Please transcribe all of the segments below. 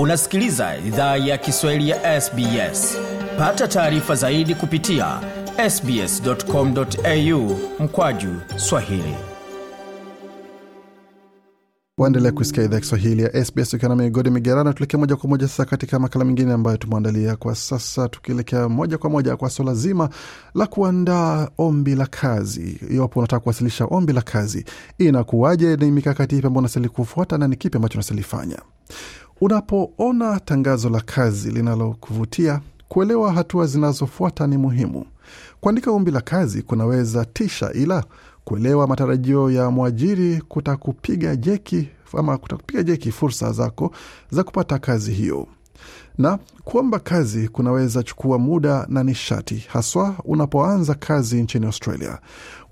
unasikiliza idhaa ya kiswahili ya sbs pata taarifa zaidi kupitia sbscomau mkwaju swahili waendelea kusikia idhaa kiswahili ya sbs ukiwa na migodi migerana tuelekea moja kwa moja sasa katika makala mengine ambayo tumeandalia kwa sasa tukielekea moja kwa moja kwa swala zima la kuandaa ombi la kazi iwapo unataka kuwasilisha ombi la kazi inakuwaje ni mikakati ipi ambao unastahili kufuata na ni kipi ambacho unastahili fanya Unapoona tangazo la kazi linalokuvutia, kuelewa hatua zinazofuata ni muhimu. Kuandika ombi la kazi kunaweza tisha, ila kuelewa matarajio ya mwajiri kutakupiga jeki ama kutakupiga jeki fursa zako za kupata kazi hiyo na kuomba kazi kunaweza chukua muda na nishati, haswa unapoanza kazi nchini Australia.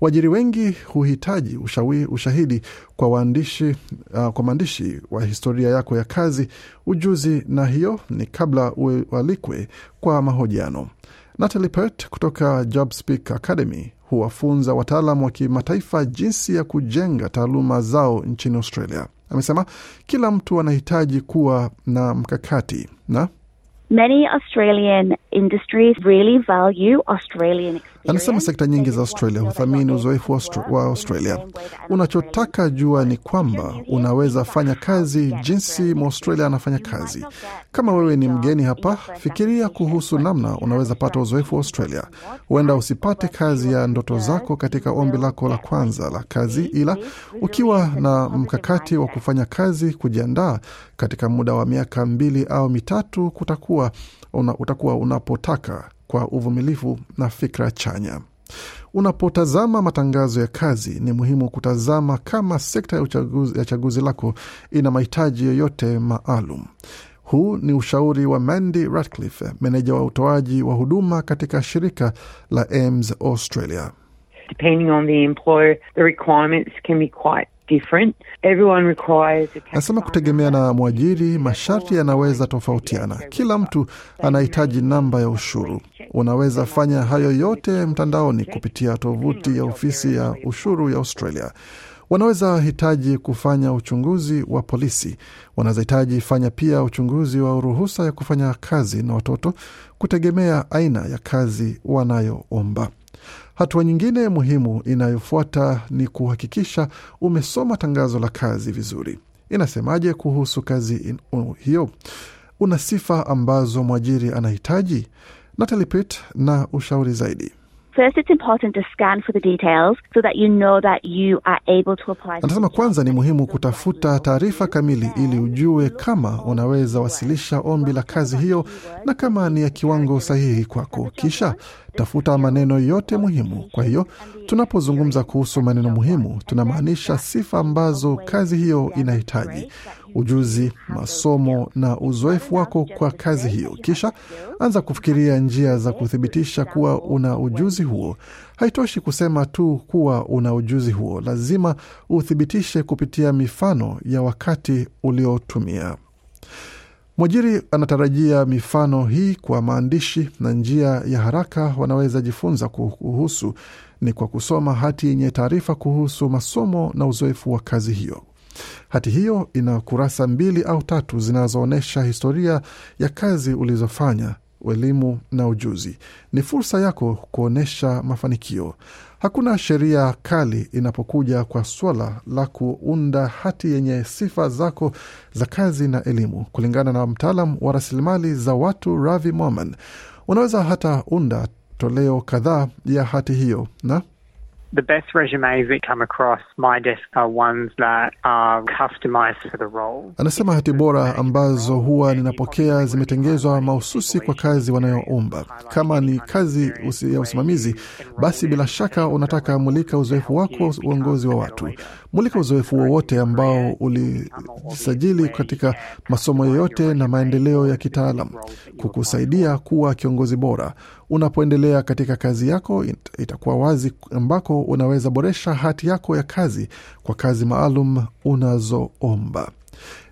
Waajiri wengi huhitaji ushawi, ushahidi kwa waandishi, uh, kwa maandishi wa historia yako ya kazi, ujuzi, na hiyo ni kabla ualikwe kwa mahojiano. Natalie Pert kutoka JobSpeak Academy huwafunza wataalam wa kimataifa jinsi ya kujenga taaluma zao nchini Australia amesema kila mtu anahitaji kuwa na mkakati na Many Australian industries really value Australian experience. Anasema sekta nyingi za Australia huthamini uzoefu wa Australia. Unachotaka jua ni kwamba unaweza fanya kazi jinsi Maustralia anafanya kazi. Kama wewe ni mgeni hapa, fikiria kuhusu namna unaweza pata uzoefu wa Australia. Huenda usipate kazi ya ndoto zako katika ombi lako la kwanza la kazi, ila ukiwa na mkakati wa kufanya kazi, kujiandaa katika muda wa miaka mbili au mitatu, kutakuwa una, utakuwa unapotaka kwa uvumilivu na fikra chanya. Unapotazama matangazo ya kazi, ni muhimu kutazama kama sekta ya, uchaguzi, ya chaguzi lako ina mahitaji yoyote maalum. Huu ni ushauri wa Mandy Ratcliffe, meneja wa utoaji wa huduma katika shirika la AMS Australia. Depending on the employer, the requirements can be quite Anasema kutegemea na mwajiri, masharti yanaweza tofautiana. Kila mtu anahitaji namba ya ushuru. Unaweza fanya hayo yote mtandaoni kupitia tovuti ya ofisi ya ushuru ya Australia. Wanaweza hitaji kufanya uchunguzi wa polisi. Wanaweza hitaji fanya pia uchunguzi wa ruhusa ya kufanya kazi na watoto, kutegemea aina ya kazi wanayoomba. Hatua nyingine muhimu inayofuata ni kuhakikisha umesoma tangazo la kazi vizuri. Inasemaje kuhusu kazi hiyo? Una sifa ambazo mwajiri anahitaji? Natalie Pitt na ushauri zaidi. First, it's important to scan for the details so that you know that you are able to apply. Anasema kwanza ni muhimu kutafuta taarifa kamili ili ujue kama unaweza wasilisha ombi la kazi hiyo na kama ni ya kiwango sahihi kwako. Kisha tafuta maneno yote muhimu. Kwa hiyo tunapozungumza kuhusu maneno muhimu, tunamaanisha sifa ambazo kazi hiyo inahitaji ujuzi, masomo na uzoefu wako kwa kazi hiyo. Kisha anza kufikiria njia za kuthibitisha kuwa una ujuzi huo. Haitoshi kusema tu kuwa una ujuzi huo, lazima uthibitishe kupitia mifano ya wakati uliotumia. Mwajiri anatarajia mifano hii kwa maandishi, na njia ya haraka wanaweza jifunza kuhusu ni kwa kusoma hati yenye taarifa kuhusu masomo na uzoefu wa kazi hiyo. Hati hiyo ina kurasa mbili au tatu zinazoonyesha historia ya kazi ulizofanya, elimu na ujuzi. Ni fursa yako kuonyesha mafanikio. Hakuna sheria kali inapokuja kwa swala la kuunda hati yenye sifa zako za kazi na elimu. Kulingana na mtaalam wa rasilimali za watu Ravi Mwaman, unaweza hata unda toleo kadhaa ya hati hiyo na The best resumes that come across my desk are ones that are customized for the role. Anasema hati bora ambazo huwa ninapokea zimetengezwa mahususi kwa kazi wanayoomba. Kama ni kazi usi ya usimamizi, basi bila shaka unataka mulika uzoefu wako uongozi wa watu. Mulika uzoefu wowote ambao ulisajili katika masomo yoyote na maendeleo ya kitaalam kukusaidia kuwa kiongozi bora. Unapoendelea katika kazi yako, itakuwa wazi ambako unaweza boresha hati yako ya kazi kwa kazi maalum unazoomba.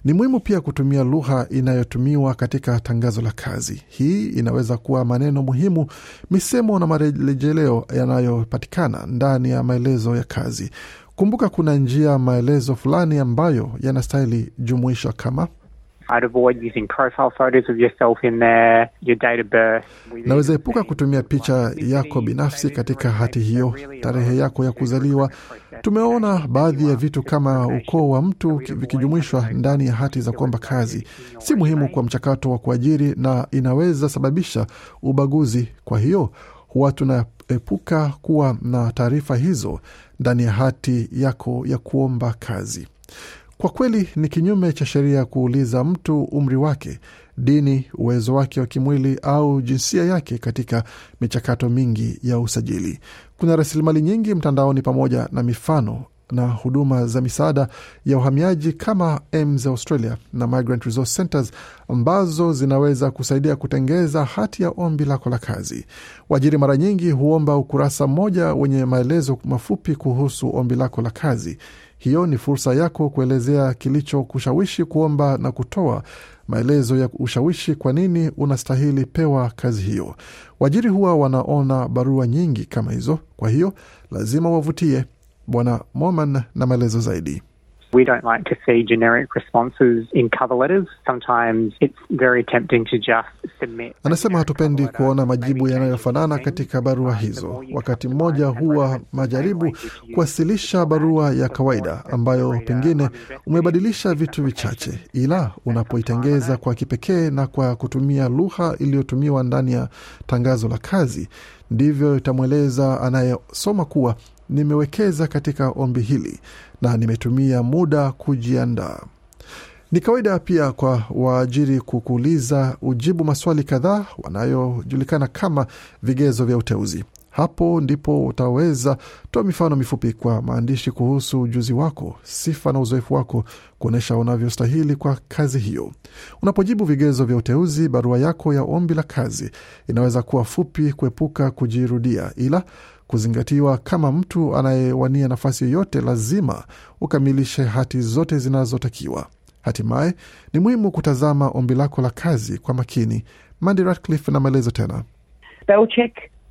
Ni muhimu pia kutumia lugha inayotumiwa katika tangazo la kazi. Hii inaweza kuwa maneno muhimu, misemo na marejeleo yanayopatikana ndani ya maelezo ya kazi. Kumbuka, kuna njia maelezo fulani ambayo yanastahili jumuishwa kama I'd avoid using profile photos of yourself in there, your date of birth. kutumia picha yako binafsi katika hati hiyo, tarehe yako ya kuzaliwa. Tumeona baadhi ya vitu kama ukoo wa mtu vikijumuishwa ndani ya hati za kuomba kazi, si muhimu kwa mchakato wa kuajiri na inaweza sababisha ubaguzi. Kwa hiyo huwa tunaepuka kuwa na taarifa hizo ndani ya hati yako ya kuomba kazi. Kwa kweli ni kinyume cha sheria kuuliza mtu umri wake, dini, uwezo wake wa kimwili au jinsia yake katika michakato mingi ya usajili. Kuna rasilimali nyingi mtandaoni pamoja na mifano na huduma za misaada ya uhamiaji kama AIMS Australia na Migrant Resource Centers ambazo zinaweza kusaidia kutengeza hati ya ombi lako la kazi. Waajiri mara nyingi huomba ukurasa mmoja wenye maelezo mafupi kuhusu ombi lako la kazi. Hiyo ni fursa yako kuelezea kilichokushawishi kuomba na kutoa maelezo ya ushawishi kwa nini unastahili pewa kazi hiyo. Waajiri huwa wanaona barua nyingi kama hizo, kwa hiyo lazima wavutie. Bwana Moman na maelezo zaidi. We don't like to see generic responses in cover letters. Sometimes it's very tempting to just submit. Anasema hatupendi kuona majibu yanayofanana katika barua hizo. Wakati mmoja huwa majaribu kuwasilisha barua ya kawaida ambayo pengine umebadilisha vitu vichache, ila unapoitengeza kwa kipekee na kwa kutumia lugha iliyotumiwa ndani ya tangazo la kazi, ndivyo itamweleza anayesoma kuwa nimewekeza katika ombi hili na nimetumia muda kujiandaa. Ni kawaida pia kwa waajiri kukuuliza ujibu maswali kadhaa wanayojulikana kama vigezo vya uteuzi. Hapo ndipo utaweza toa mifano mifupi kwa maandishi kuhusu ujuzi wako, sifa na uzoefu wako, kuonyesha unavyostahili kwa kazi hiyo. Unapojibu vigezo vya uteuzi, barua yako ya ombi la kazi inaweza kuwa fupi, kuepuka kujirudia, ila kuzingatiwa kama mtu anayewania nafasi yoyote lazima ukamilishe hati zote zinazotakiwa. Hatimaye ni muhimu kutazama ombi lako la kazi kwa makini. Mandy Ratcliffe na maelezo tena.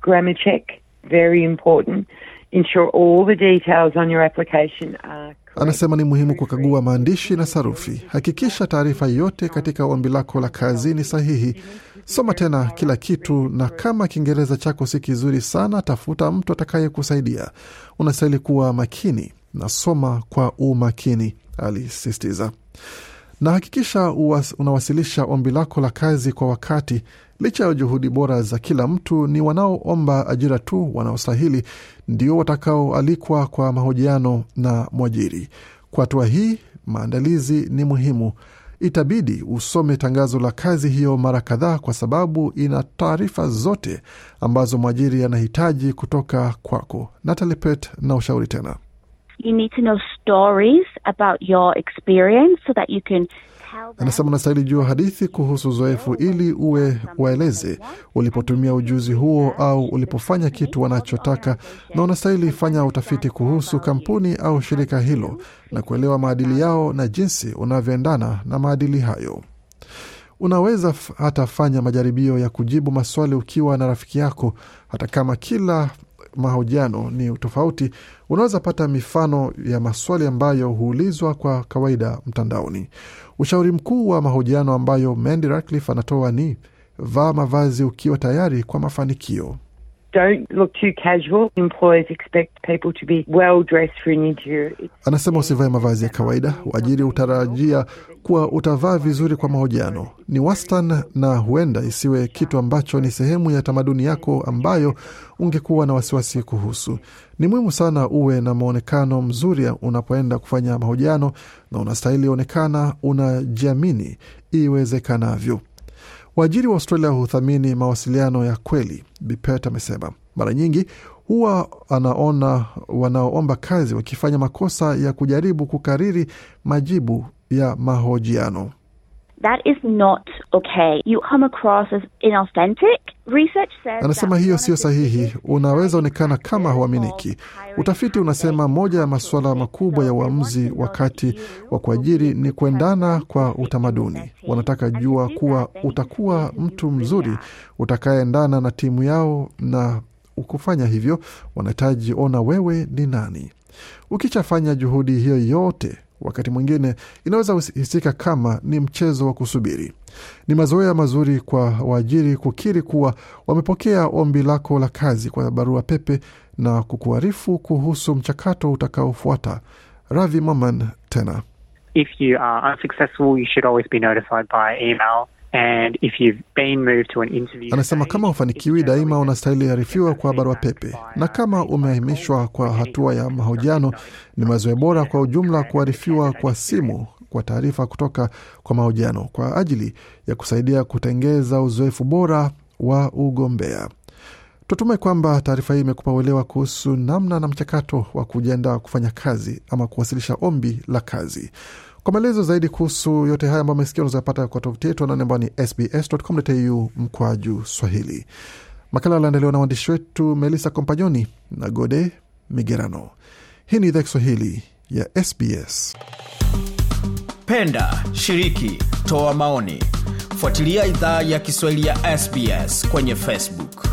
grammar check, very important. Ensure all the details on your application are Anasema ni muhimu kukagua maandishi na sarufi. Hakikisha taarifa yote katika ombi lako la kazi ni sahihi. Soma tena kila kitu, na kama Kiingereza chako si kizuri sana, tafuta mtu atakayekusaidia. Unastahili kuwa makini na soma kwa umakini, alisisitiza na hakikisha uwas, unawasilisha ombi lako la kazi kwa wakati. Licha ya juhudi bora za kila mtu, ni wanaoomba ajira tu wanaostahili ndio watakaoalikwa kwa mahojiano na mwajiri. Kwa hatua hii, maandalizi ni muhimu itabidi usome tangazo la kazi hiyo mara kadhaa, kwa sababu ina taarifa zote ambazo mwajiri anahitaji kutoka kwako. Natalie Pett na ushauri tena You need to know stories about your experience so that you can Anasema unastahili jua hadithi kuhusu uzoefu ili uwe waeleze ulipotumia ujuzi huo au ulipofanya kitu wanachotaka, na unastahili fanya utafiti kuhusu kampuni au shirika hilo na kuelewa maadili yao na jinsi unavyoendana na maadili hayo. Unaweza hata fanya majaribio ya kujibu maswali ukiwa na rafiki yako, hata kama kila mahojiano ni tofauti unaweza pata mifano ya maswali ambayo huulizwa kwa kawaida mtandaoni. Ushauri mkuu wa mahojiano ambayo Mandy Ratcliffe anatoa ni vaa mavazi ukiwa tayari kwa mafanikio well anasema usivae mavazi ya kawaida. Waajiri utarajia kuwa utavaa vizuri kwa mahojiano. Ni wastan na huenda isiwe kitu ambacho ni sehemu ya tamaduni yako ambayo ungekuwa na wasiwasi kuhusu. Ni muhimu sana uwe na maonekano mzuri unapoenda kufanya mahojiano, na unastahili onekana unajiamini iwezekanavyo. Waajiri wa Australia huthamini mawasiliano ya kweli, Bipet amesema. Mara nyingi huwa anaona wanaoomba kazi wakifanya makosa ya kujaribu kukariri majibu ya mahojiano. Anasema hiyo siyo sahihi, unaweza onekana kama hauaminiki. Utafiti unasema moja ya masuala makubwa ya uamuzi wakati wa kuajiri ni kuendana kwa utamaduni. Wanataka jua kuwa utakuwa mtu mzuri utakayeendana na timu yao, na ukufanya hivyo wanahitaji ona wewe ni nani. Ukishafanya juhudi hiyo yote wakati mwingine inaweza hisika kama ni mchezo wa kusubiri. Ni mazoea mazuri kwa waajiri kukiri kuwa wamepokea ombi lako la kazi kwa barua pepe na kukuarifu kuhusu mchakato utakaofuata. Ravi Maman tena If you are unsuccessful, you should always be notified by email anasema kama hufanikiwi daima unastahili arifiwa kwa barua pepe, na kama umeahimishwa kwa hatua ya mahojiano, ni mazoe bora kwa ujumla kuarifiwa kwa simu kwa taarifa kutoka kwa mahojiano kwa ajili ya kusaidia kutengeza uzoefu bora wa ugombea. tutume kwamba taarifa hii imekupa uelewa kuhusu namna na mchakato wa kujiandaa kufanya kazi ama kuwasilisha ombi la kazi. Kwa maelezo zaidi kuhusu yote haya ambayo mesikia unazapata kwa tovuti yetu anaone ambao ni sbs.com.au mkwaju swahili. Makala alaendelewa na waandishi wetu Melissa Kompanyoni na Gode Migerano. Hii ni idhaa Kiswahili ya SBS. Penda, shiriki, toa maoni, fuatilia idhaa ya Kiswahili ya SBS kwenye Facebook.